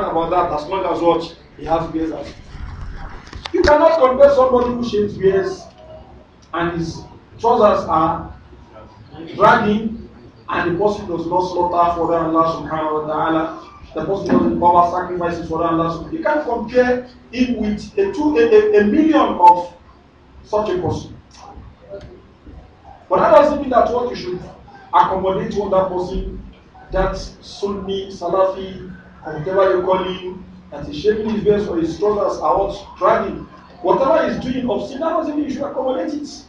talk about that as long as what he has beers at. You cannot compare somebody who shaves beers and his trousers are dragging and the person does not slaughter for Allah subhanahu wa ta'ala the person doesn't cover sacrifices for Allah. Subhanahu. You can't compare him with a, two, a, a, a, million of such a person. But that doesn't mean that what you should accommodate what that person, that Sunni, Salafi whatever you call him that is shaking his waist or his trousers are out dragging, whatever he's doing of sin, that doesn't mean you should accommodate it.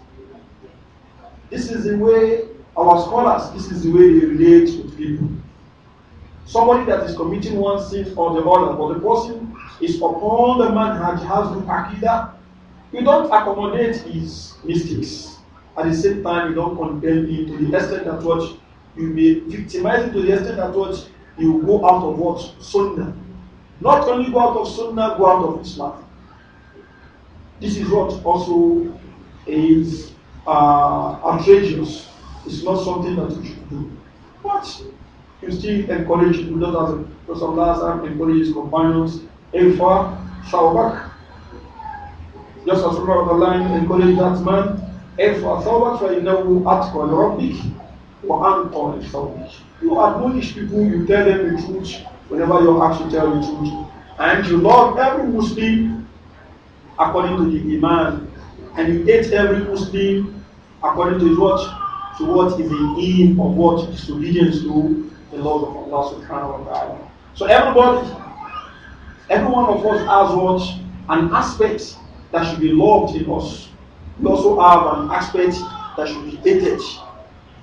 This is the way our scholars, this is the way they relate with people. Somebody that is committing one sin or the other, but the person is upon the man who has no akida, you don't accommodate his mistakes. At the same time, you don't condemn him to the extent that what you may victimize him to the extent that what you go out of what? Sunnah. Not only go out of Sunnah, go out of Islam. This is what also is uh, outrageous. It's not something that you should do. But you still encourage people, just as Prophet Allah encouraged his companions, Efa, Shawbak. Just as line, encourage that man, Efa, Shawbak, فَإِنَّهُ أَتْقَى لِرَبِّكِ وَأَنْقَى لِثَوْبِكِ You admonish people, you tell them the truth whenever you're asked to tell the truth. And you love every Muslim according to the Iman. And you hate every Muslim according to what? To what is the aim of what? Disobedience to the laws of Allah subhanahu wa ta'ala. So everybody, every one of us has what? An aspect that should be loved in us. We also have an aspect that should be hated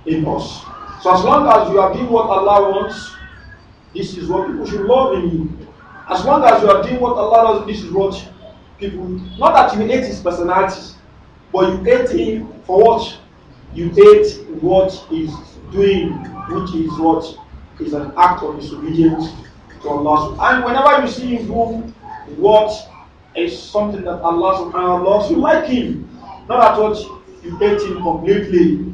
in us. So as long as you are doing what Allah wants, this is what people should love in you. As long as you are doing what Allah does, this is what people. Not that you hate his personality, but you hate him for what? You hate what he's doing, which is what is an act of disobedience to Allah. And whenever you see him do what is something that Allah subhanahu wa loves, you like him. Not at what you hate him completely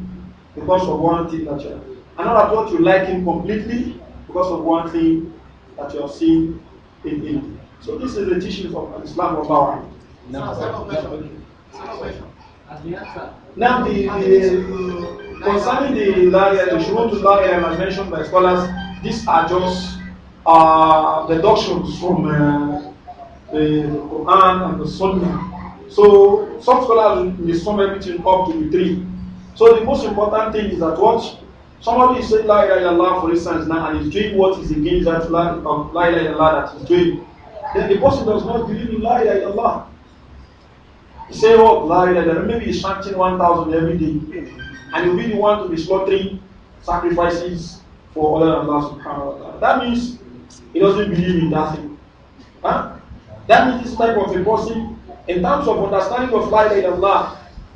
because of one thing that you are And not at you like him completely because of one thing that you have seen in him. So this is the teaching of Islam of our Now, the, the concerning the Laria, the Shurut Laria as mentioned by scholars, these are just uh, deductions from uh, the Quran and the Sunnah. So some scholars may sum everything up to the three. So the most important thing is that what Somebody is saying La ilaha illallah, for instance, now, and he's doing what is against that um, La, ilaha illallah that he's doing, then the person does not believe in La ilaha illallah. He say, Oh, La ilaha illallah. Maybe he's chanting 1,000 every day, and you'll be the one to be slaughtering sacrifices for other than Allah subhanahu wa ta'ala. That means he doesn't believe in that thing. Huh? That means this type of a person, in terms of understanding of La ilaha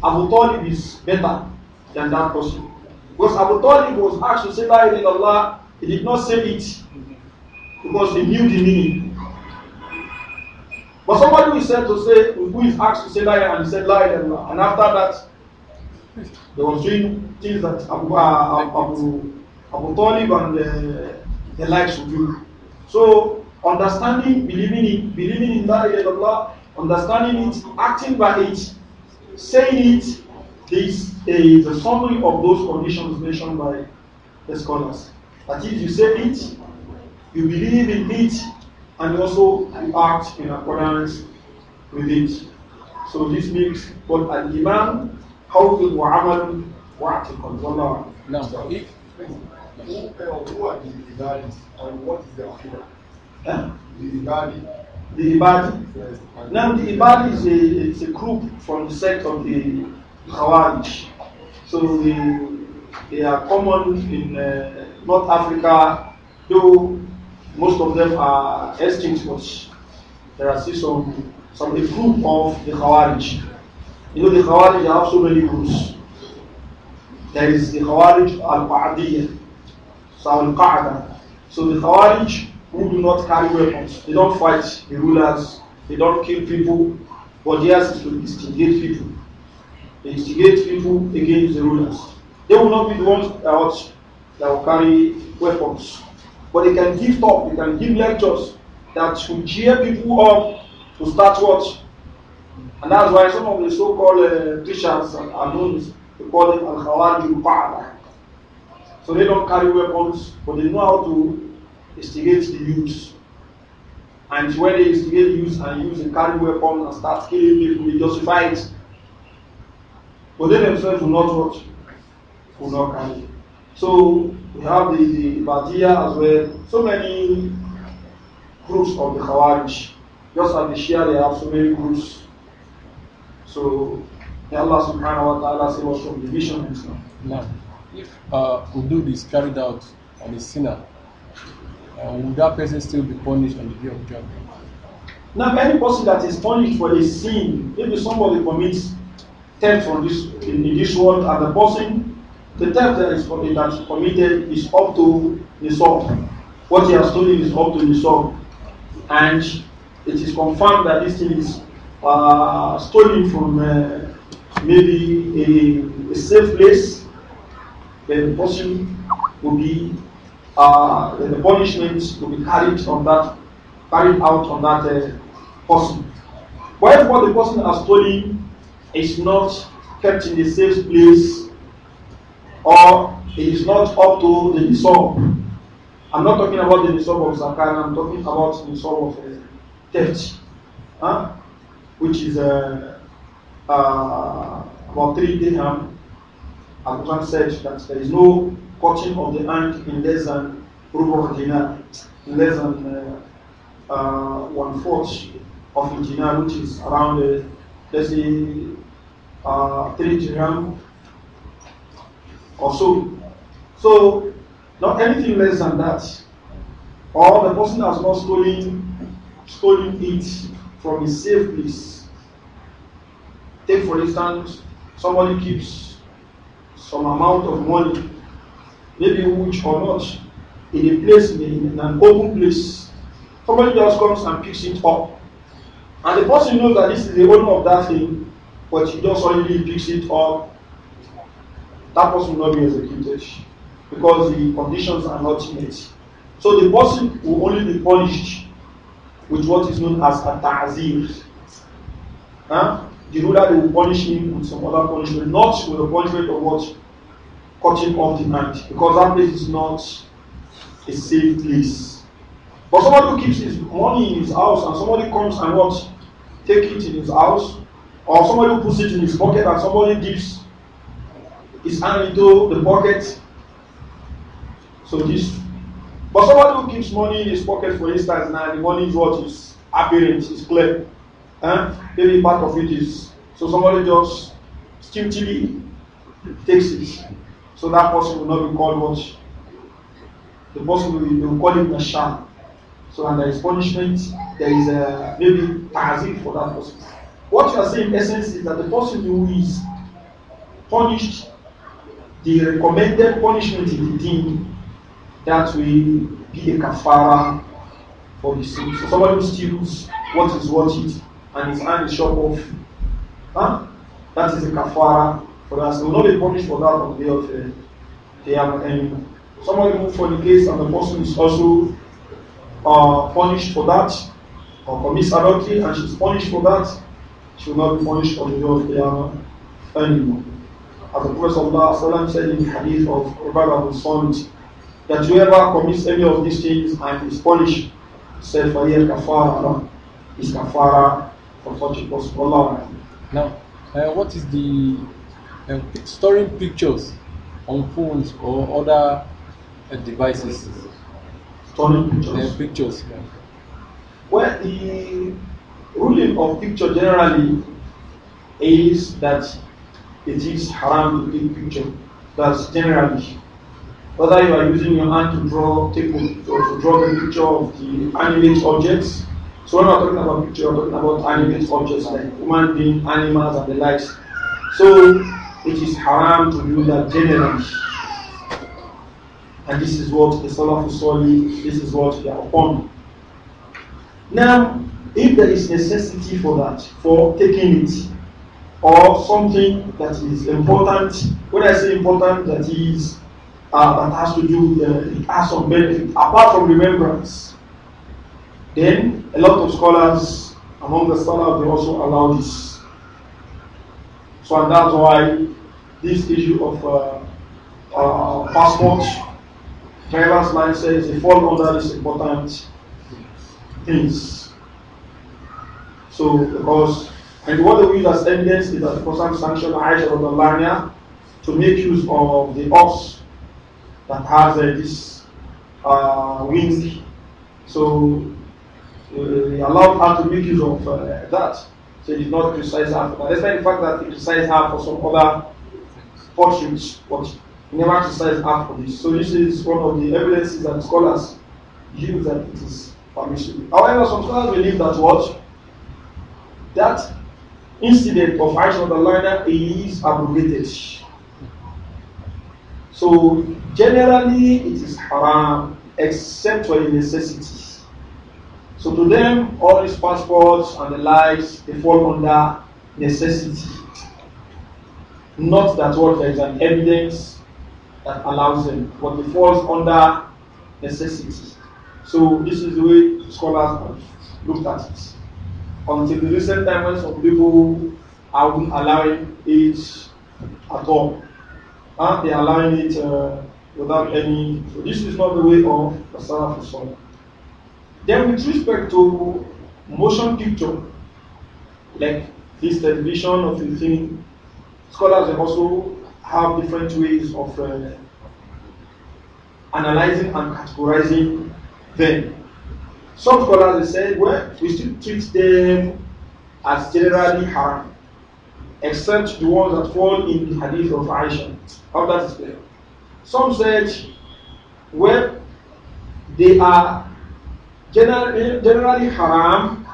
illallah, Abu Talib is better than that person. Because Abu Talib was asked to say La ilaha illallah, he did not say it because he knew the meaning. But somebody who is said to say, who is asked to say La ilaha and he said La ilaha illallah, and after that, they was doing things that Abu, uh, Abu, Abu Talib and the, uh, the likes would do. So understanding, believing in believing in La ilaha illallah, understanding it, acting by it, saying it, This is a summary of those conditions mentioned by the scholars. That is, you say it, you believe in it, and also you act in accordance with it. So this makes what al how qawlun wa amal wa atikun. Wallah. No. If, uh, who are the ibadis and what is the akhirah? Huh? The ibadi. The ibadi. Now the ibadi is a, it's a group from the sect of the Khawarij. So they, they are common in uh, North Africa, though most of them are extinct, but there are still some, some the group of the Khawarij. You know, the Khawarij have so many groups. There is the Khawarij al-Qa'adiyya, so al So the Khawarij who do not carry weapons, they don't fight the rulers, they don't kill people, but theirs is to instigate people they instigate people against the rulers. They will not be the ones that will carry weapons. But they can give talk, they can give lectures that will cheer people up to start what? And that's why some of the so-called uh, are known. Anons, they call them Al-Khawarij al So they don't carry weapons, but they know how to instigate the youth. And when they instigate the youth and use and carry weapons and start killing people, they justify it. But they themselves will not watch, will not carry. So we have the, the Badia as well. So many groups of the Khawarij. Just like the Shia, they have so many groups. So Allah subhanahu wa ta'ala save us from division and stuff. Now, if uh, Udud is carried out on a sinner, uh, will that person still be punished on the day of judgment? Now, any person that is punished for a sin, maybe somebody commits theft from this in, in this world and the person the theft that is committed is up to the soul. What he has stolen is up to the soul. And it is confirmed that this thing is uh, stolen from uh, maybe a, a, safe place, then the person will be, uh, the punishment will be carried on that, carried out on that uh, person. But if what the person has stolen is not kept in the safe place or it is not up to the nisab. I'm not talking about the nisab of zakat, I'm talking about the nisab of uh, theft, huh? which is uh, uh, about three dirham. Abu quran said that there is no cutting of the hand in less than rubber dinar, in less than uh, uh one fourth of the dinar, which is around, let's uh, say, uh, 3 dirham or so. So, not anything less than that. Or the person has not stolen, stolen it from a safe place. Take, for instance, somebody keeps some amount of money, maybe which or not, in a place, in an open place. Somebody just comes and picks it up. And the person knows that this is the owner of that thing, but he just suddenly picks it up, that person will not be executed because the conditions are not met. So the person will only be punished with what is known as a ta'zir. Huh? The ruler they will punish him with some other punishment, not with a punishment of what? Cutting off the hand, because that place is not a safe place. But somebody who keeps his money in his house and somebody comes and what? Take it in his house, Or somebody who puts it in his pocket and somebody dips his hand into the pocket. So this. But somebody who keeps money in his pocket, for instance, now the money is what is apparent, is clear. And Maybe part of it is. So somebody just stupidly takes it. So that person will not be called what? The person will, be, will call him Nasham. So, and there is punishment, there is a, uh, maybe tazim for that person. What you are saying, in essence, is that the person who is punished, the recommended punishment in the deen, that will be a kafara for the sin. So somebody who steals what is worth it and his hand is shot off, huh? that is a kafara for that. He will not be punished for that on the day of uh, Qiyamah. Somebody who case, and the person is also uh, punished for that, or commits adultery and she is punished for that she will not be punished on the day of Qiyamah anymore. As the Prophet ﷺ said in the hadith of Ubadah bin Samit, that whoever commits any of these things and is punished, said Fahir Kafara, is Kafara for such a person. Allah. Now, uh, what is the uh, storing pictures on phones or other uh, devices? Storing pictures. Uh, pictures. Well, the ruling of picture generally is that it is haram to take picture. That's generally. Whether you are using your hand to draw, take or to draw the picture of the animate objects. So when we're talking about picture, we're talking about animate objects like human being, animals, and the likes. So it is haram to do that generally. And this is what the Salafus Soli, this is what they are upon. Now, if there is necessity for that, for taking it, or something that is important, when I say important, that is uh, that has to do with uh, it has some benefit apart from remembrance. Then a lot of scholars among the scholars they also allow this. So and that's why this issue of uh, uh, passport, driver's license, they fall under this important things. So, because, and what they use as evidence is that the Prophet sanctioned Aisha of Alania to make use of the ox that has uh, this uh, wing. So, uh, allowed her to make use of uh, that. So, he did not criticize her for that. Despite the fact that he criticized her for some other fortunes, but he never criticized her for this. So, this is one of the evidences that scholars use that it is However, some scholars believe that what? That incident of Aisha of the is abrogated. So generally it is haram except for the necessities. So to them, all these passports and the lives they fall under necessity. Not that what there is an evidence that allows them, but it falls under necessity. So this is the way scholars have looked at it. Until the recent times, some people are allowing it at all. And they're allowing it uh, without any. So this is not the way of the Salaf Sunnah. Then with respect to motion picture, like this television or thing, scholars also have different ways of uh, analyzing and categorizing Then Some scholars they said, well, we still treat them as generally haram, except the ones that fall in the hadith of Aisha. How that is clear. Some said, well, they are generally, generally haram,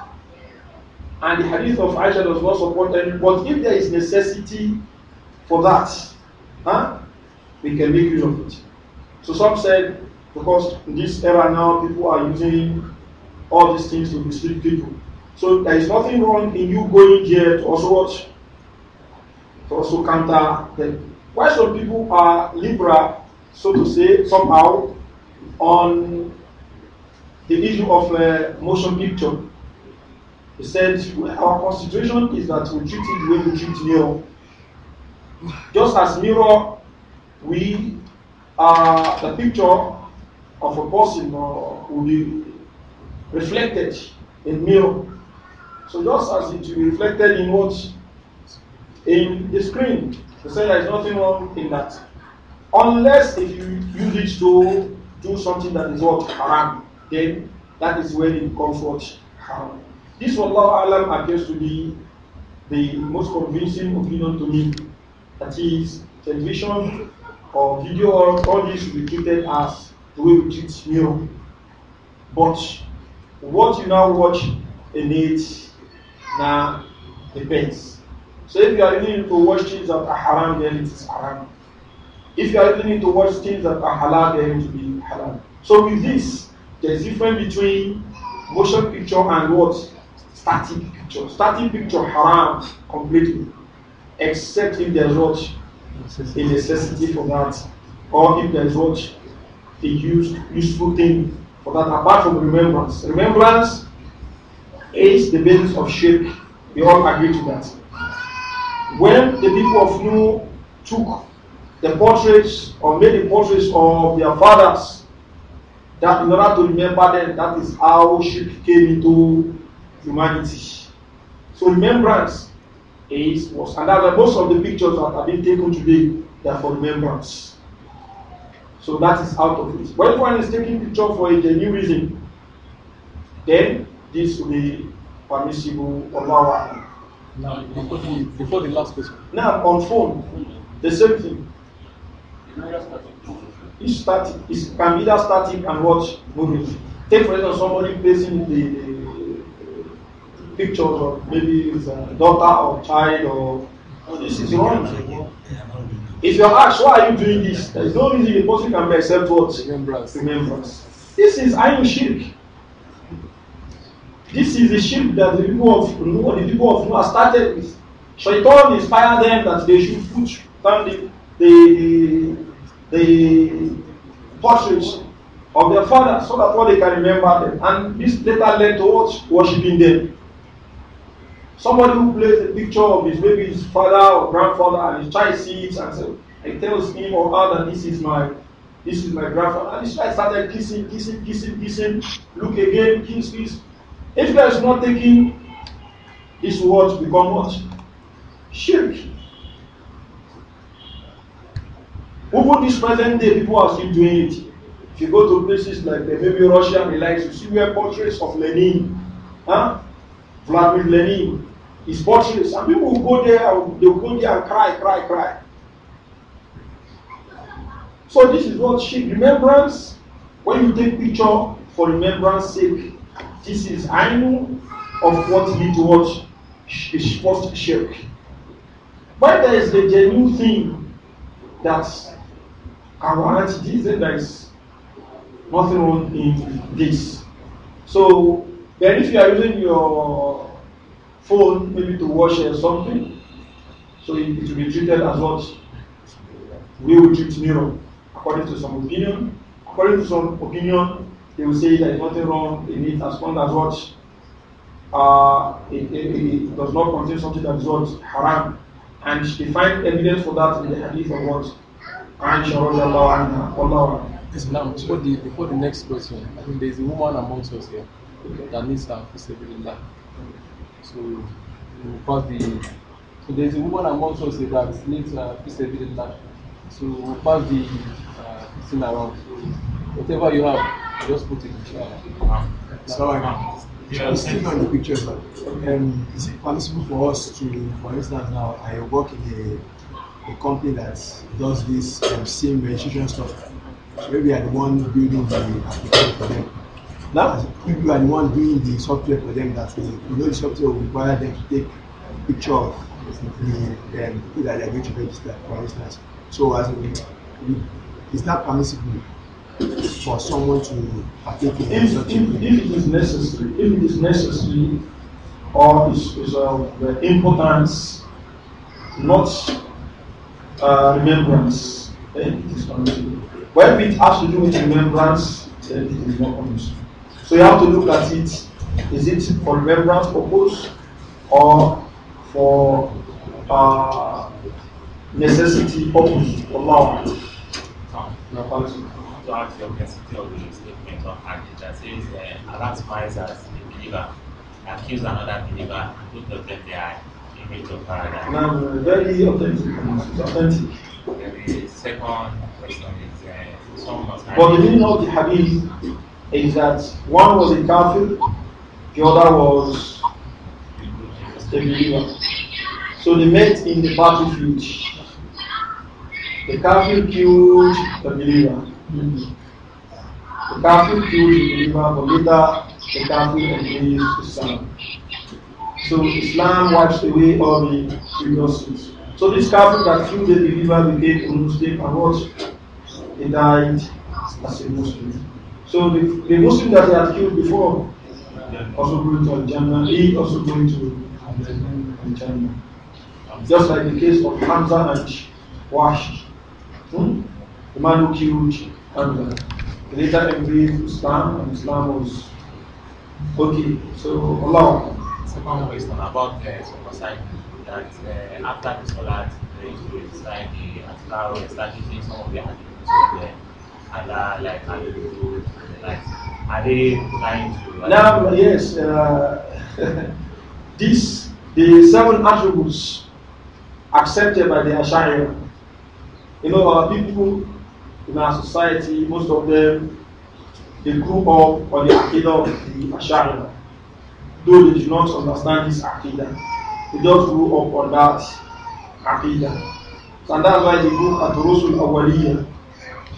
and the hadith of Aisha does not support them. But if there is necessity for that, huh, we can make use of it. So some said Because in this era now, people are using all these things to mislead people. So there is nothing wrong in you going there to also watch, to also counter them. Why some people are liberal, so to say, somehow, on the issue of uh, motion picture? He said, well, our constitution is that we treat it the way we treat mirror. Just as mirror, we uh, the picture of a person or uh, will be reflected in mirror. So just as it will be reflected in what? In the screen. They say there is nothing wrong in that. Unless if you use it to do something that is what haram, then that is where it becomes what haram. This Wallahu Alam appears to be the most convincing opinion to me. That is television or video or all this should be treated as the way we treat you, But what you now watch in it now depends. So if you are willing to watch things that are haram, then it is haram. If you are willing to watch things that are halal, then it will be halal. So with this, there is difference between motion picture and what? Static picture. Static picture haram completely. Except if there is what? A necessity for that. Or if there is what? a used, useful thing for that apart from remembrance. Remembrance is the basis of shape. We all agree to that. When the people of Nu took the portraits or made the portraits of their fathers, that in order to remember them, that is how shirk came into humanity. So remembrance is was, and that most of the pictures that have been taken today, they are for remembrance. So that is out of it. When one is taking picture for a genuine reason, then this will be permissible on our Now, before the, before the last question. Now, on phone, the same thing. It's static. It can be either static and watch movies. Take for example, somebody placing the, the pictures of maybe his uh, daughter or child or oh, this is wrong. If you ask, why are you doing this? There is no reason the person can be except what? Remembrance. Remembrance. This is iron shirk. This is the shirk that the people of Noah, the people of Noah started with. Shaitan inspired them that they should put down the, the, the, the portraits of their father so that what they can remember them. And this later led to what? Worshipping them. Somebody who plays a picture of his maybe his father or grandfather and his child sees it and says, and tells him or her that this is my this is my grandfather. And his child started kissing, kissing, kissing, kissing, look again, kiss, kiss. If there is not taking his words become what? Shirk. Even this present day, people are still doing it. If you go to places like the, maybe Russia the likes, you see where portraits of Lenin, huh? Vladimir Lenin, It's virtuous. And people will go there they they'll go there and cry, cry, cry. So this is what sheep remembrance. When you take picture for remembrance sake, this is I know of what lead to what is first shirk. But there is the genuine thing that I want this, and there is nothing wrong in this. So then if you are using your phone maybe to wash or something. So it, it, will be treated as what we would treat neuron, according to some opinion. According to some opinion, they will say there is nothing wrong in it as long as what uh, it, it, it, does not contain something that is what haram. And they find evidence for that in the hadith of what Aisha Allah and Allah. Now, before the, before the next question, I think there is a woman amongst us here that needs to her for in life. So we pass the so there's a woman among us that needs a piece of village land. So we pass the uh, thing around. So whatever you have, just put it. Uh, so I am still on the pictures, um, is it for us to, for instance, now I work in a, a company that does this um, SIM registration stuff. So maybe I'm the one building the application for them. Now, if you are the one doing the software for them, that you know the software will require them to take picture of the um, people that they are going to register, for instance. So, as in, it's not permissible for someone to partake in if, if, if, it is necessary, if it is necessary, or is, is of uh, the importance, not uh, remembrance, then it is permissible. But if it has to do with remembrance, then it is not permissible. So you have to look at it. Is it for remembrance purpose or for uh, necessity purpose? Allah. To ask your necessity of the statement of Hadith that says, Allah finds as a believer, accuse another believer, and put of them they are image of paradise. No, very authentic. authentic. The second question is, uh, some must But the meaning of the Hadith is that one was a kafir, the other was a believer. So they met in the battlefield. The kafir killed the believer. The kafir killed the believer, but later the kafir embraced Islam. So Islam wiped away all the sins. So this kafir that killed the believer became a Muslim and what? He died as a Muslim. So the, the Muslim that he had killed before also going to Al-Jannah, he also going to Al-Jannah. Just like the case of Hamza and Wash, hmm? the man who killed Hamza. later embraced Islam and Islam was okay. So Allah. Second question about uh, suicide. That uh, after the Salat, there is suicide, to start using some of the hadiths Allah, like, and like, are they trying to? Now, yes, uh, this, the seven attributes accepted by the Ashari. You know, our people in our society, most of them, they grew up on the Aqidah of the Ashari. Though they do not understand this Aqidah, they just grew up on that Aqidah. and that's why the book at Rusul Awaliyah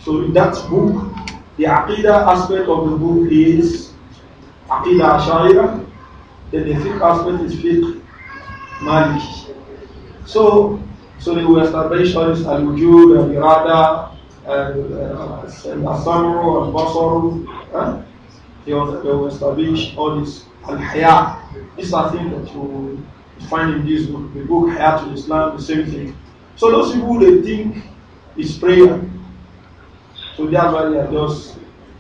So in that book, the Aqidah aspect of the book is Aqidah Ash'ariyah, then the fiqh aspect is fiqh Maliki. So, so they were established all this al-wujud, al-irada, al uh, asamru al-basaru, they were establish all this al-haya. These are things that you find in this book, the book Hayatul Islam, the same thing. So those people, they think it's prayer. So that's why they are just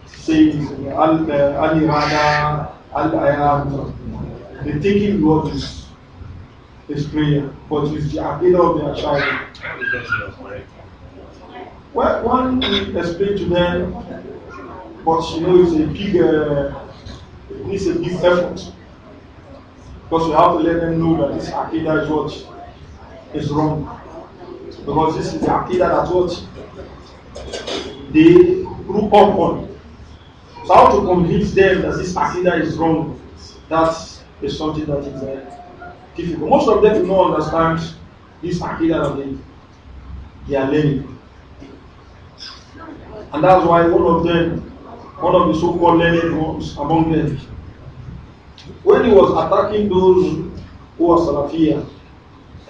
saying Al uh, Al Irada, Al Ayam. The thinking what is is prayer, but it's the aqidah of their child. Well, one explain to them, but you know, it's a big, uh, it's a big effort. Because we have to let them know that this aqidah is what is wrong. Because this is the aqidah that what they grew up on. So how to convince them that this akida is wrong, that is something that is uh, difficult. Most of them do not understand this akida that they, they are learning. And that's why one of them, one of the so-called learned ones among them, when he was attacking those who are Salafia,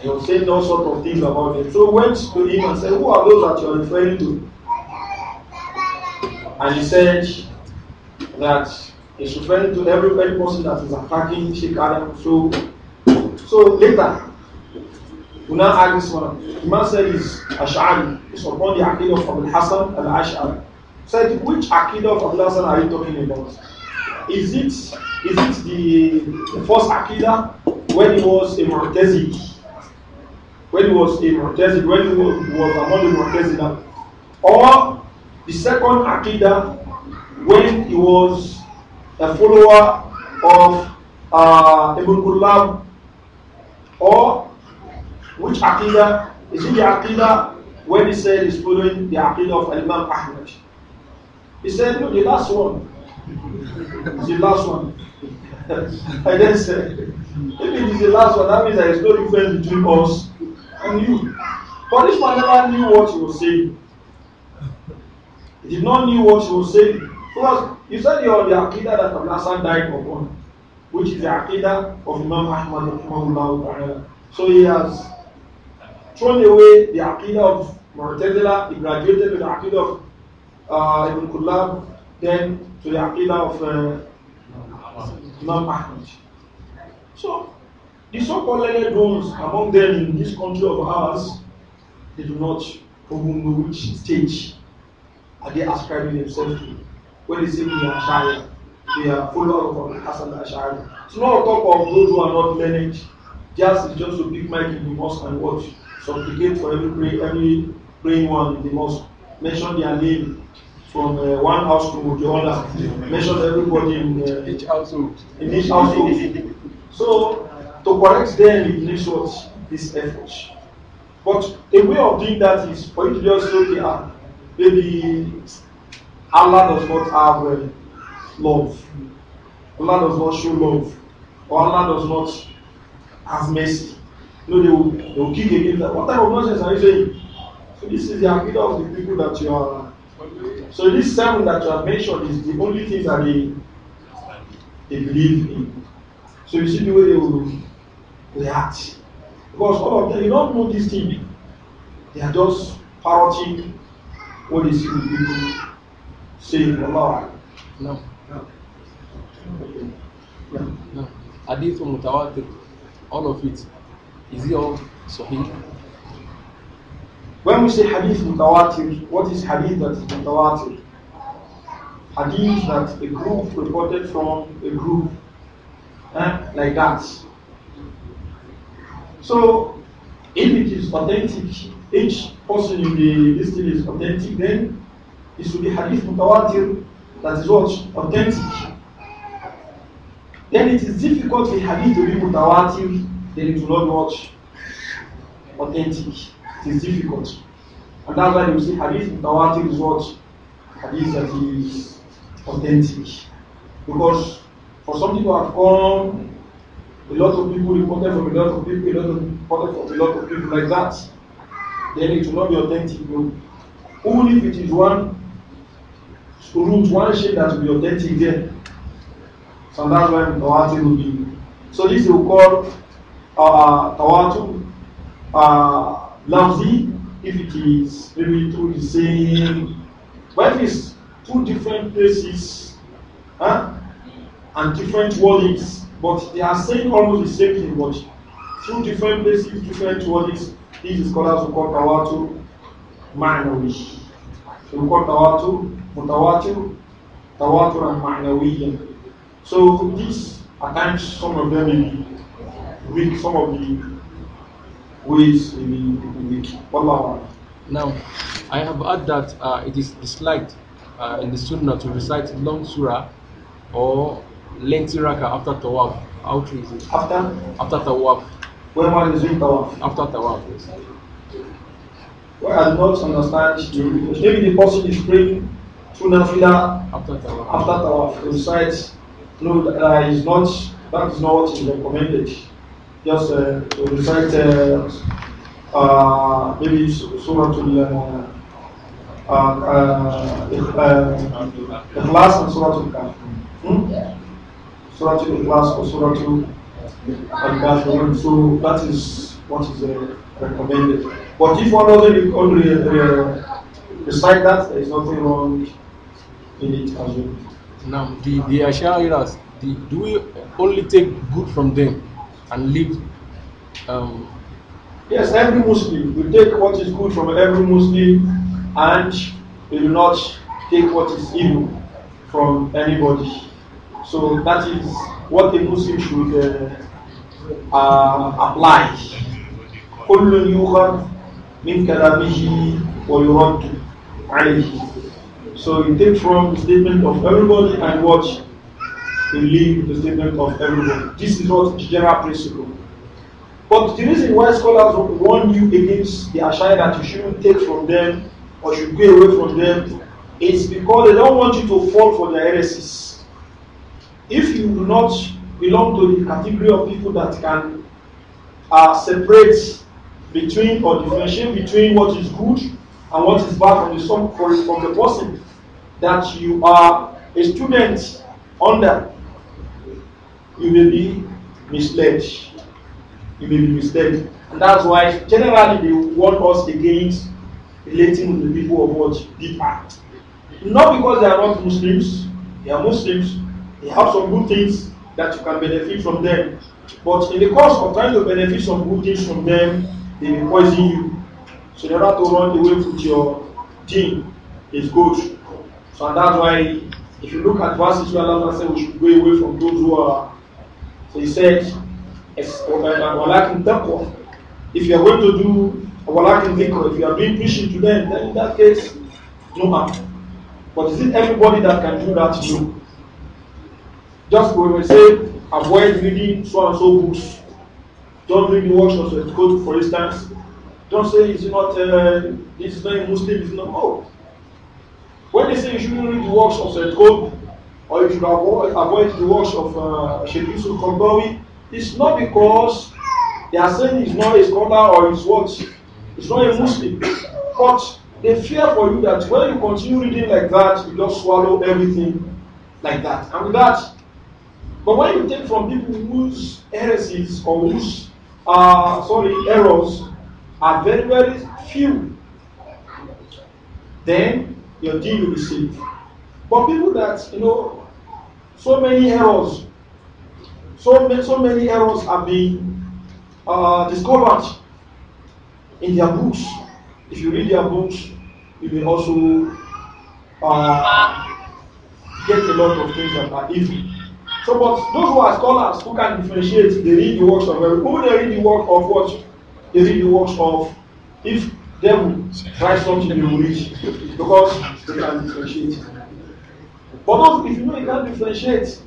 he was saying all sorts of things about them. So went to him and said, Who are those that you are referring to? And he said that he's referring to every, person that is attacking Sheikh Adam. So, so later, we now add this one. The man said is Ash'ari. It's upon the Akidah of Al Hassan al Ash'ari. Said, which Akidah of Al Hassan are you talking about? Is it is it the, the first Aqidah when he was a Mu'tazik? When he was a Mu'tazik, when he was, was among the Mu'tazila? Or the second akida, when he was a follower of uh, Ibn Gulab, or which akida Is it the akida when he said he's following the akida of Imam Ahmad? He said, no, the last one. It's the last one. I then said, if it is the last one, that means there is no difference between us and you. But this man never knew what he was saying. He did not knew what she was saying. Because you said you're the Aqidah that Abul Hassan died upon, which is the Aqidah of Imam Ahmad. So he has thrown away the Aqidah of Mu'tazila, he graduated to the Aqidah of uh, Ibn Kullab, then to the Aqidah of uh, Imam Ahmad. So, the so-called learned among them in this country of ours, they do not know which stage are they ascribing themselves to? When they say we are Ashari, they are follower of Hassan Ashari. So now talk of those who are not learned. Just is just to pick mic in the mosque and watch, supplicate for every pray, every praying one in the mosque. Mention their name from uh, one house to the other. Mention everybody in uh, each household. In each household. so to correct them it needs what this effort. But a way of doing that is for you to just say, okay, ah, maybe Allah does not have uh, love. Allah does not show love. Or Allah does not have mercy. You know, they will, they will kick against that. What type of nonsense are you saying? So this is the agreement of the people that you are. So this seven that you have mentioned is the only things that they, they believe in. So you see the way they will react. Because all of them, you don't know this thing. They are just parroting what is he really saying Lord? No. No. Okay. Yeah. No. Hadith mutawatir, all of it. Is it all sahih? When we say hadith mutawatir, what is hadith that is mutawatir? Hadith that a group reported from a group, eh, like that. So, if it is authentic, each person in the list is authentic, then it should be hadith mutawatir that is what? Authentic. Then it is difficult for hadith to be mutawatir, then it will not watch authentic. It is difficult. And that's why you see hadith mutawatir is what? Hadith that is authentic. Because for some people have come, a lot of people reported from a lot of people, a lot of reported from a lot of people like that then it will not be authentic root. Only if it is one root, one shape that will be authentic There, So that's why Tawatu will be. So this will call uh, Tawatu uh, lousy if it is maybe through the same. But if it's two different places huh, and different wordings, but they are saying almost the same thing, but through different places, different wordings, These scholars who call Tawatu Ma'nawi. So we call Tawatu Tawatur and Ma'nawiyan. So this, at times, some of them be weak, some of the ways will be weak. Wallah. Now, I have heard that uh, it is disliked uh, in the Sunnah to recite long surah or lengthy raka after tawaf. How true is it? After? After tawaf. when one is doing tawaf. After tawaf, yes. Well, I do not understand the Maybe the person is praying to Nafila after tawaf. After tawaf. He decides, no, uh, is not, that is not what is recommended. Just uh, to recite uh, uh, maybe Surah to uh, uh, uh, Ikhlas and Surah to Kaf. Hmm? Surah to Ikhlas or Surah to and that's So that is what is uh, recommended. But if one doesn't only uh, recite uh, that, there is nothing wrong in it as well. Now, the, the Ashairas, the, do we only take good from them and leave? Um, yes, every Muslim. We take what is good from every Muslim and we do not take what is evil from anybody. So that is what a Muslim should uh, uh, apply. كل يؤخذ من كلامه ويرد عليه. So you take from the statement of everybody and watch you leave the statement of everybody. This is what the general principle. But the reason why scholars warn you against the Ashai that you shouldn't take from them or should go away from them is because they don't want you to fall for their heresies if you do not belong to the category of people that can uh, separate between or differentiate between what is good and what is bad from the from, from the person that you are a student under, you may be misled. You may be misled. And that's why generally they warn us against relating with the people of what? Deeper. Not because they are not Muslims, they are Muslims, They have some good things that you can benefit from them. But in the course of trying to benefit some good things from them, they will poison you. So in order to run away with your team is good. So and that's why if you look at verses where Allah said we should go away from those who are so he said if you are going to do if you are doing preaching to them, then in that case, no matter. But is it everybody that can do that too?" you? Just when we say avoid reading so and so books, don't read of or code, for instance. Don't say it's not uh, it's not a Muslim, it's not oh. When they say you shouldn't read the works of Saint Code or you should avoid, avoid the works of uh, Sheikh Yusuf it's not because they are saying it's not his scholar or his what, he's not a Muslim. But they fear for you that when you continue reading like that, you just swallow everything like that. And with that, but when you take from people whose heresies or whose uh, sorry errors are very very few, then your deal will be safe. But people that you know so many errors, so many, so many errors have been uh, discovered in their books. If you read their books, you will also uh, get a lot of things that are evil. So, but those who are scholars who can differentiate, they read the works of every. Who they read the work of what? They read the works of if devil tries something they will read because they can differentiate. But those, if you know you can't differentiate,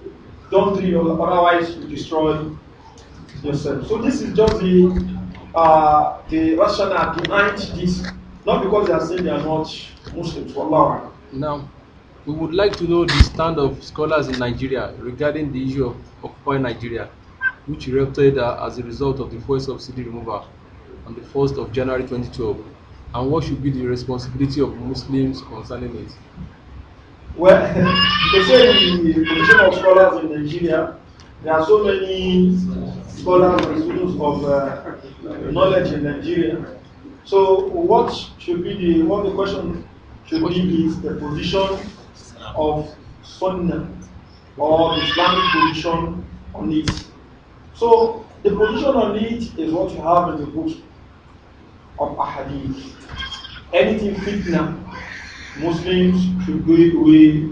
don't read otherwise you destroy yourself. So this is just the uh, the rationale behind this, not because they are saying they are not Muslims. Allah. No. We would like to know the stand of scholars in Nigeria regarding the issue of occupying Nigeria, which erupted uh, as a result of the forced subsidy removal on the 1st of January 2012, and what should be the responsibility of Muslims concerning it? Well, they say the position of scholars in Nigeria, there are so many scholars and students of uh, knowledge in Nigeria. So, what should be the what the question should be is the position of Sunnah or Islamic position on it. So the position on it is what you have in the books of Ahadith. Anything fitna, Muslims should go away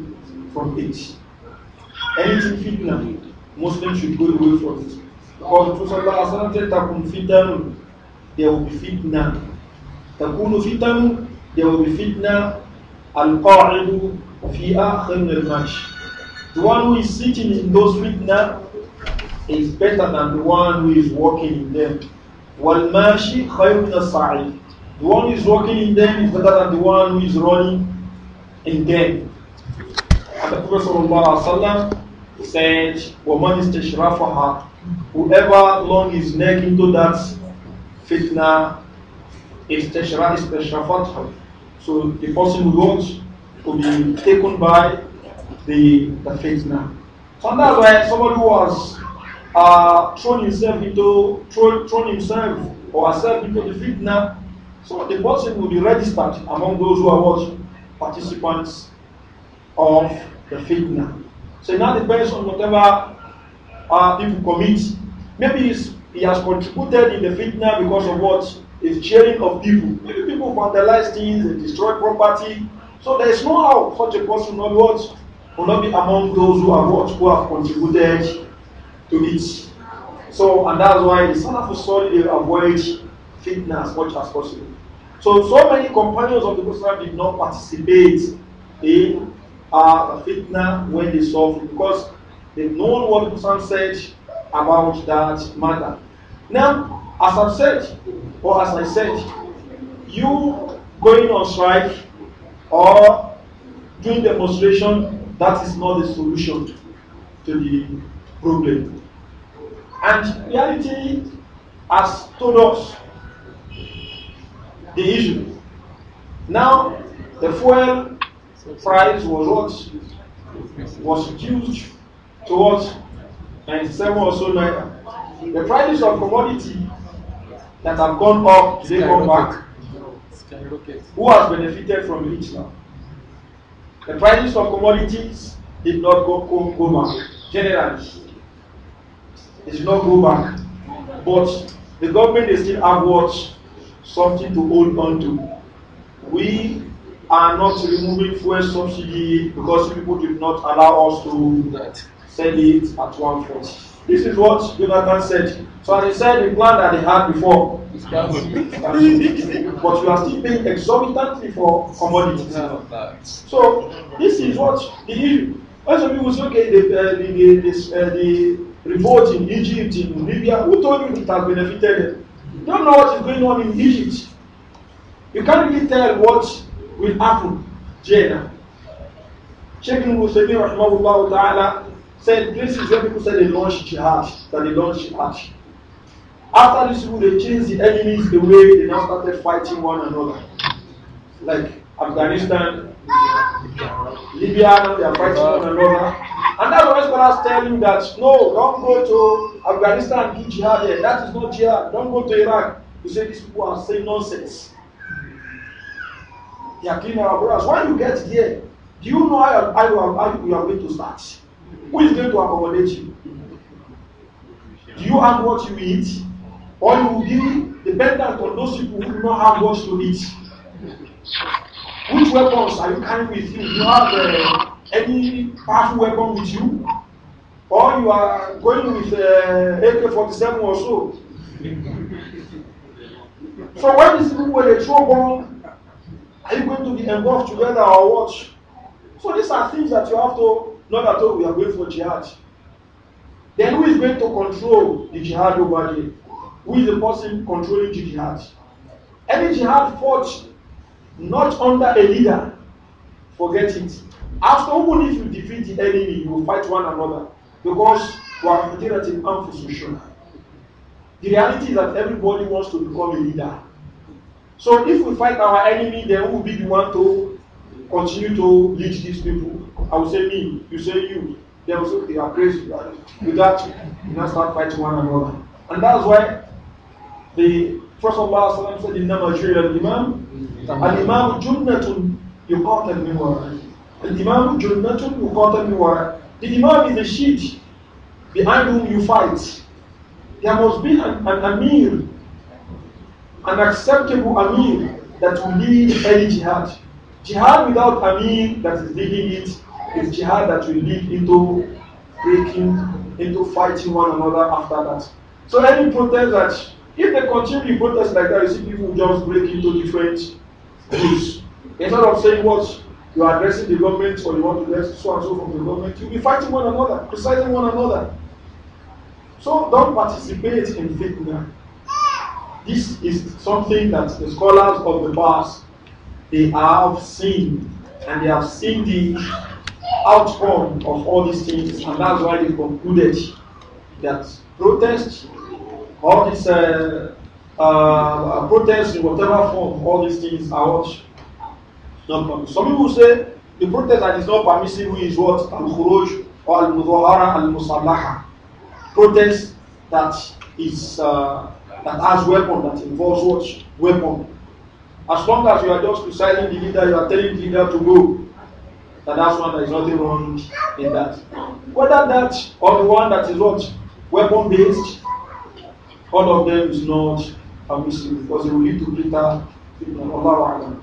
from it. Anything fitna, Muslims should go away from it. Because that said, Takum fitan, there will be fitna. Takunu there will be fitna. al the one who is sitting in those fitna is better than the one who is walking in them. وَالْمَاشِي خَيْرٌ السَّعِيدِ The one who is walking in them is better than the one who is running in them. And the Prophet ﷺ said, is إِسْتَشْرَفَهَا Whoever long his neck into that fitna, استشرفته. So the person who wants to be taken by the, the fitna. So that's why somebody who has uh, thrown himself into thrown, thrown himself or herself into the fitna, so the person will be registered among those who are what participants of the fitna. So now depends on whatever uh, people commit. Maybe he has contributed in the fitna because of what is cheering of people. Maybe people vandalize things, they destroy property, So there is no how such a person will not, what, will not be among those who have what, who have contributed to it. So, and that's why the son of Sali, they avoid fitna as much as possible. So, so many companions of the Prophet did not participate in uh, fitna when they saw it because they know what the Prophet said about that matter. Now, as I've said, or as I said, you going on strike or doing demonstration, that is not the solution to the problem. And reality has told us the issue. Now, the fuel price was what? Was reduced towards, what? 97 or so naira. The prices of commodity that have gone up, they come back. Who has benefited from it now? The prices of commodities did not go, go, go back, generally. It did not go back. But the government they still have what? Something to hold on to. We are not removing fuel subsidy because people did not allow us to sell it at one 140. This is what Jonathan said. So as I said, the plan that they had before, but you are still paying exorbitantly for commodities. So this is what the issue. When some people say, okay, the, uh, the, this, uh, the revolt in Egypt, in Libya, who told you it has benefited them? You don't know what is going on in Egypt. You can't really tell what will happen. Jena. Sheikh Muslim, Rahmahullah Ta'ala, said is where people say they launched jihad, that they launched jihad. After this war, they changed the enemies the way they now started fighting one another. Like Afghanistan, Libya, they are fighting one another. And that's why scholars tell you that no, don't go to Afghanistan do jihad there. That is not jihad. Don't go to Iraq. You say these people are saying nonsense. They are killing our brothers. When you get here, do you know how, how you are going to start? Who is going to accommodate you? Do you have what you eat? Or you will be dependent on those people who do not have what to eat? Which weapons are you carrying with you? Do you have uh, any powerful weapon with you? Or you are going with uh, AK 47 or so? so when these people were a throw are you going to be involved together or what? So these are things that you have to Not at all, we are going for jihad. Then who is going to control the jihad over there? Who is the person controlling the jihad? Any jihad fought not under a leader, forget it. After even if you defeat the enemy, you will fight one another because we are federative and position. The reality is that everybody wants to become a leader. So if we fight our enemy, then who will be the one to continue to lead these people. I will say me, you say you. They will say they are crazy. With that, you now start fighting one another. And that's why the Prophet Allah said, Inna majuri al Imam, and Imam junnatun yuqatal min wara'i. and Imam junnatun yuqatal min wara'i. The Imam is a sheet behind whom you fight. There must be an, an Amir, an acceptable Amir that will lead any jihad. Jihad without Amir that is leading it is jihad that will lead into breaking, into fighting one another after that. So any protest that, if they continue protest like that, you see people just break into different groups. Instead of saying what you are addressing the government or you want to address so and so from the government, you'll be fighting one another, criticizing one another. So don't participate in fitna. This is something that the scholars of the past they have sinned and they have seen the outcome of all these things, and that's why they concluded that protest, all these uh, uh, uh, protests in whatever form, all these things are what not permissible. Some people say the protest that is not permissible is what al khuruj or al mudawara al musallaha, protest that is uh, that has weapon that involves what weapon As long as you are just presiding the leader, you are telling the leader to go. That that's one that is nothing wrong in that. Whether that or the one that is what weapon based, all of them is not permissible because it will lead to greater Allah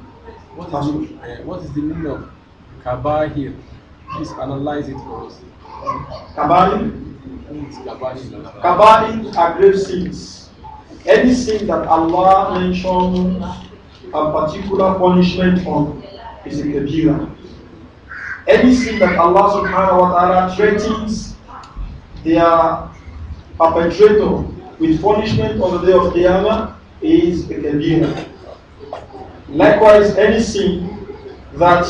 what is, uh, what is the meaning of here? Please analyze it for us. Kabahir? Kabahir are grave sins. Any sin that Allah mentions a particular punishment on is a kabira. Anything that Allah subhanahu wa ta'ala threatens their perpetrator with punishment on the day of Qiyamah is a kabira. Likewise, anything that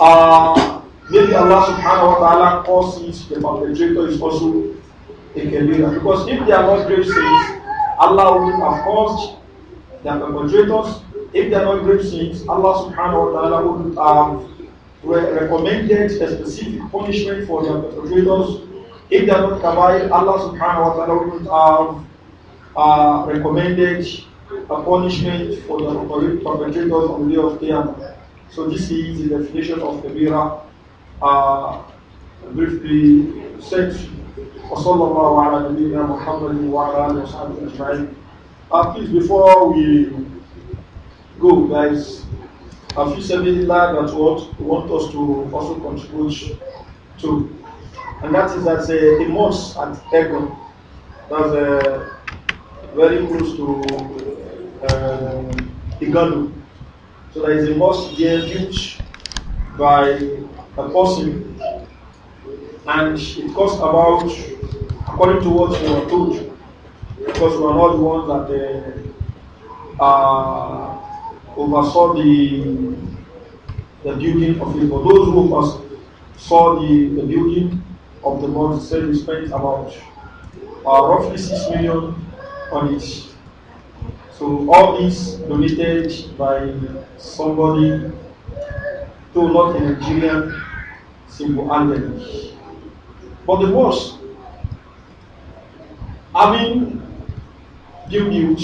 uh, maybe Allah subhanahu wa ta'ala causes the perpetrator is also a kabira. Because if they are not grave sins, Allah would have caused the perpetrators if they are not great sins, Allah subhanahu wa ta'ala would um, re- recommended a specific punishment for their perpetrators. If they are not kabair, Allah subhanahu wa ta'ala would have uh, recommended a punishment for the perpetrators on the day of Qiyamah. So this is the definition of kabira uh, briefly said. وصلى الله على نبينا محمد وعلى اله وصحبه اجمعين. Please, before we go, guys. Have you somebody like that what want us to also contribute to? And that is that uh, the mosque at Egon, that's uh, very close to uh, um, Igadu. So there is a mosque there built by a person, and it costs about, according to what we were told, because we are not the ones that uh, are oversaw the the building of it. For those who saw the, the building of the mosque said we spent about uh, roughly six million on it. So all this donated by somebody to not a Nigerian single-handedly. But the worst, having built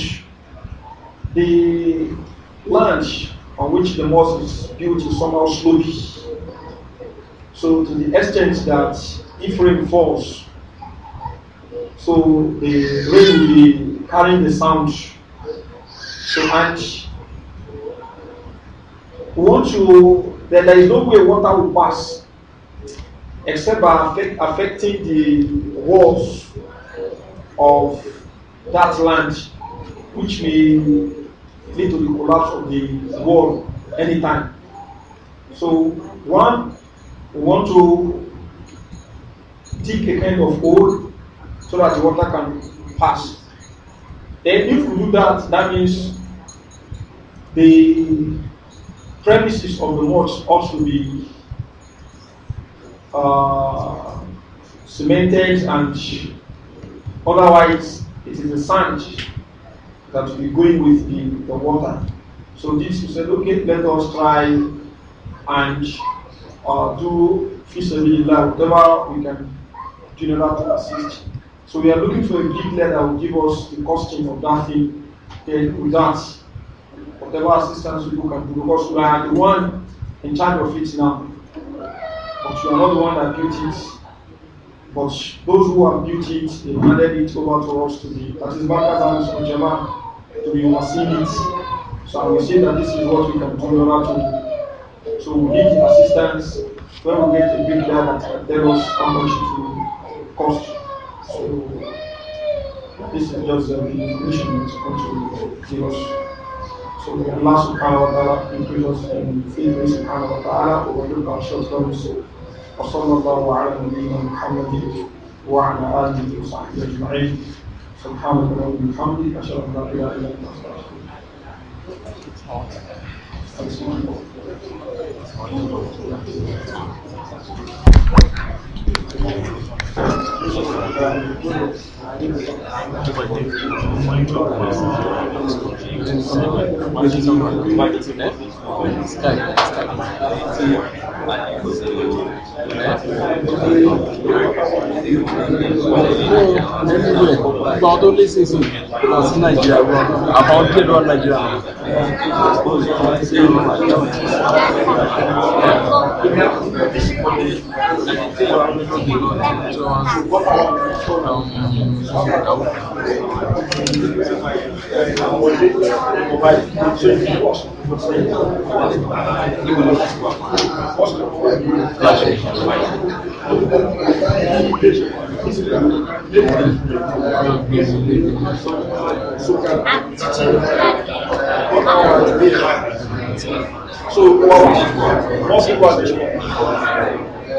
the land on which the mosque is built is somehow slopy. So to the extent that if rain falls, so the rain will be carrying the sound. So and we want to that there is no way water will pass except by affect, affecting the walls of that land, which may lead to the collapse of the wall anytime. So one, we want to dig a kind of hole so that the water can pass. Then if we do that, that means the premises of the mosque also be uh, cemented and otherwise it is a sand that will be going with the, the water. So this is said, okay, let us try and uh, do feasibilillah, whatever we can do in order to assist. So we are looking for a big letter that will give us the costing of that thing then with that. Whatever assistance we can do, because we are the one in charge of it now. But you are not the one that built it. But those who have built it, they handed it over to us to be. That is Bakatan's Ojama. to be overseeing it. So I will say that this is what we can turn over to. So we need assistance when we get a big data that can tell us how much it will cost. So this is just the information that's going to give us. So we may Allah subhanahu wa ta'ala increase us in favor subhanahu wa ta'ala overlook our shortcomings. وصلى الله على نبينا محمد وعلى اله وصحبه اجمعين سبحانك اللهم وبحمدك اشهد ان لا اله الا انت استغفرك Thank you. Ìgbà ọdún lé sí So, what was it? What's was this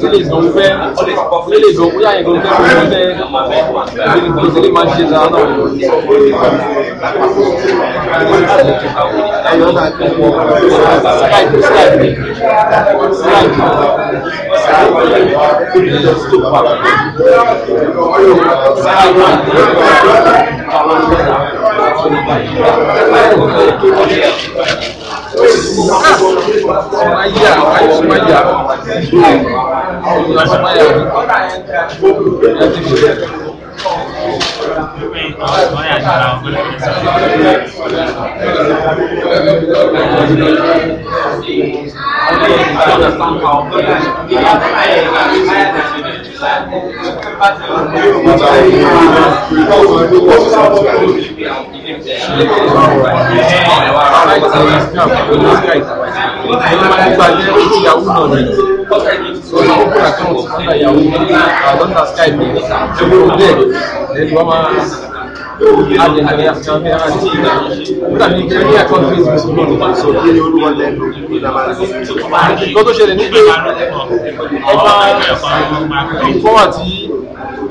sílè dùn fẹ́ sílè dùn fúyà yẹn gbọ́dọ̀ fẹ́ fẹ́ kò sílè máa ṣe dáa náà. Thank you. Desmaiar, vai desmaiar. sọ́nà ó kúrò tó ṣẹlẹ̀ ní ọba ìfọwọ́ àti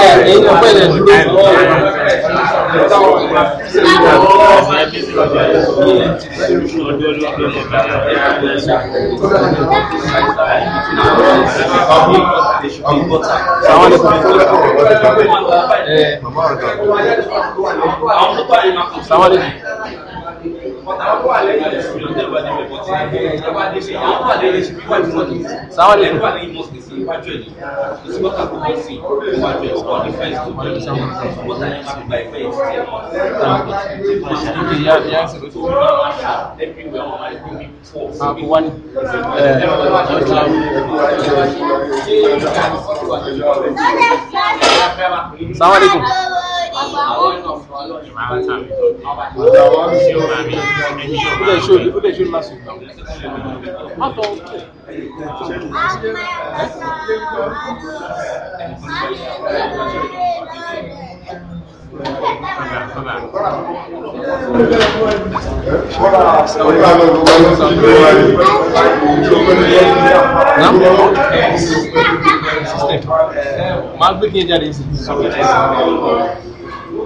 ẹ̀yìn tó pẹ̀lẹ̀ dúró. Àwọn ọ̀dọ́ Assalamu alaikum sáwọn lè gradually it's what i go see gradually the first two months what i am i go be poor for me. salaam aleykum ara ta mi ọ̀dà wa mi sí ọ̀rà mi ẹ̀mí ọ̀rà mi. ó lè ṣó lásù gbà. ọ̀tọ̀ òkè. Máa gbé kí ẹ jáde sí.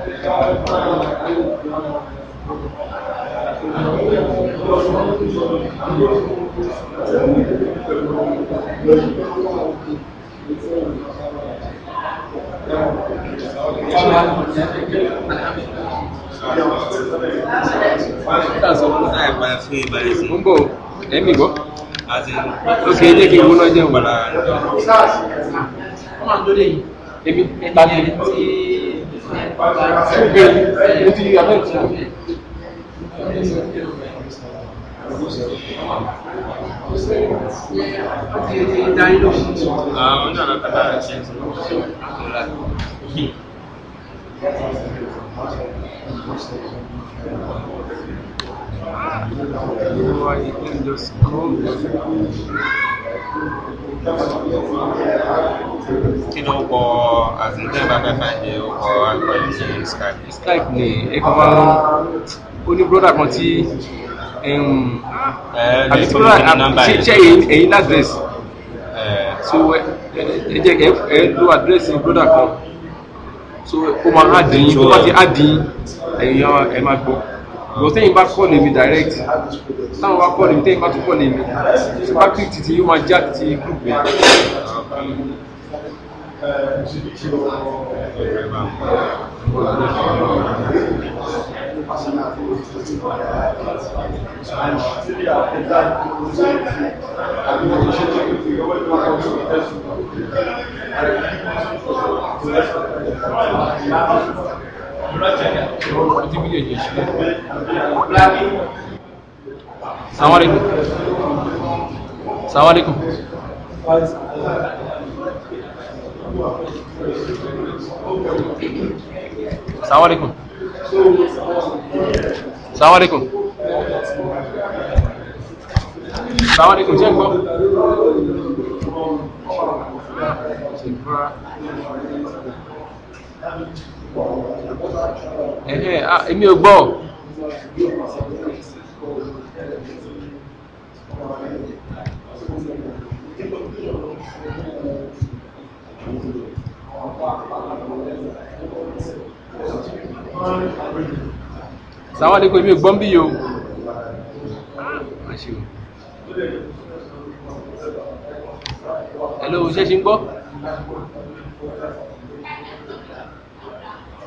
Mbọ̀ ẹ̀mí gbọ́. Ó kéré jẹ́ kí n wúná jẹun. Ọmọ àjọ́dé yìí. Ele está de chuveiro, muito ligamento. Ah, onde ela está Aqui. Meanwhile, he can just go. Kí ló wọ àtúntẹ́ bàbá ìfàjẹ́ ọkọ̀ alcohol ti Skype? Skype ni ẹ̀kọ́ máa ń ó ní bróda kan tí àbí tí bróda ṣe ṣe èyí ní àdírẹ́sì so ẹ jẹ́ ẹ lo àdírẹ́sì bróda kan so ó máa á dín ó bá ti á dín ẹ̀yìn ẹ máa gbọ́ ìwọ̀n tẹ́yìn bá kọ́ lèmi direct táwọn bá kọ́ lèmi tẹ́yìn bá tún kọ́ lèmi tí bá click títí yóò máa já ti group yẹn. Thank you. Assalamu alaikum. Assalamu alaikum. Assalamu alaikum. Assalamu alaikum. Assalamu alaikum. Ṣé ń gbọ́? Ṣé ń ẹ̀hẹ́n èmi ò gbọ́ sàwọn àdékò èmi ò gbọ́ ń bí yìí o. Hello, ṣé ṣe ń gbọ́?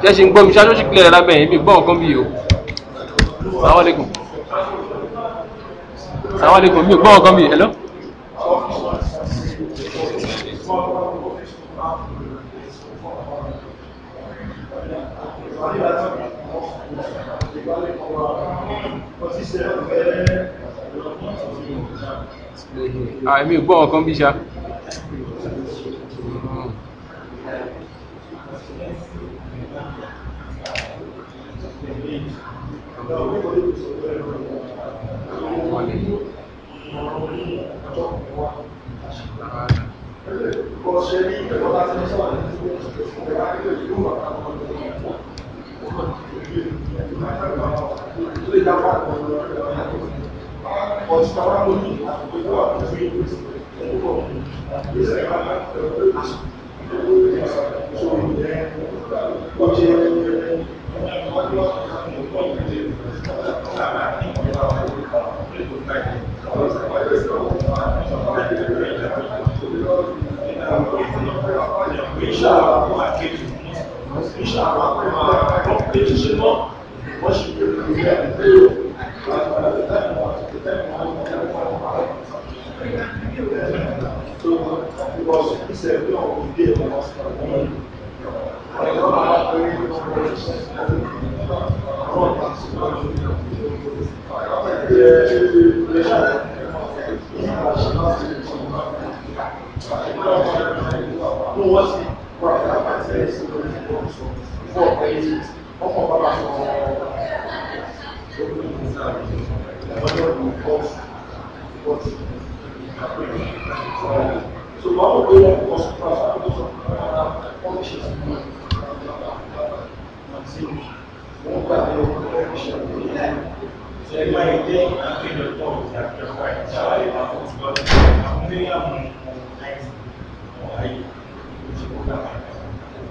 ṣẹ́ṣe ń gbọ́ mi ṣáájú ṣìkìlẹ̀ rẹ̀ lábẹ́ yìí mi gbọ́ ọ̀kan bí o sàwálẹ́kùn sàwálẹ́kùn mi gbọ́ ọ̀kan bí hello. àìmí gbọ́ ọ̀kan bí ṣá Thank you. Inshallah, Nós que estávamos não como diz o irmão, nós que vivemos Deus, mas para até nós, não nós, até nós, não que servemos a não na nossa vida. Não, assim, stress fún ọ̀pẹ yìí ọkọ̀ bàbá sọ So one of the was because of uh, publishers magazine. Wọ́n gbà pé ó kọ́ publisher ló yẹ. Ṣé ẹgbẹ́ yìí jẹ́ àpéjọ pọ̀ ní àpéjọ ìṣàwá ìgbà fún ti gbọ́dọ̀. Àwọn mílíọ̀nù ọ̀hún àìsàn ọ̀hún ayé ló ti kó dàgbà.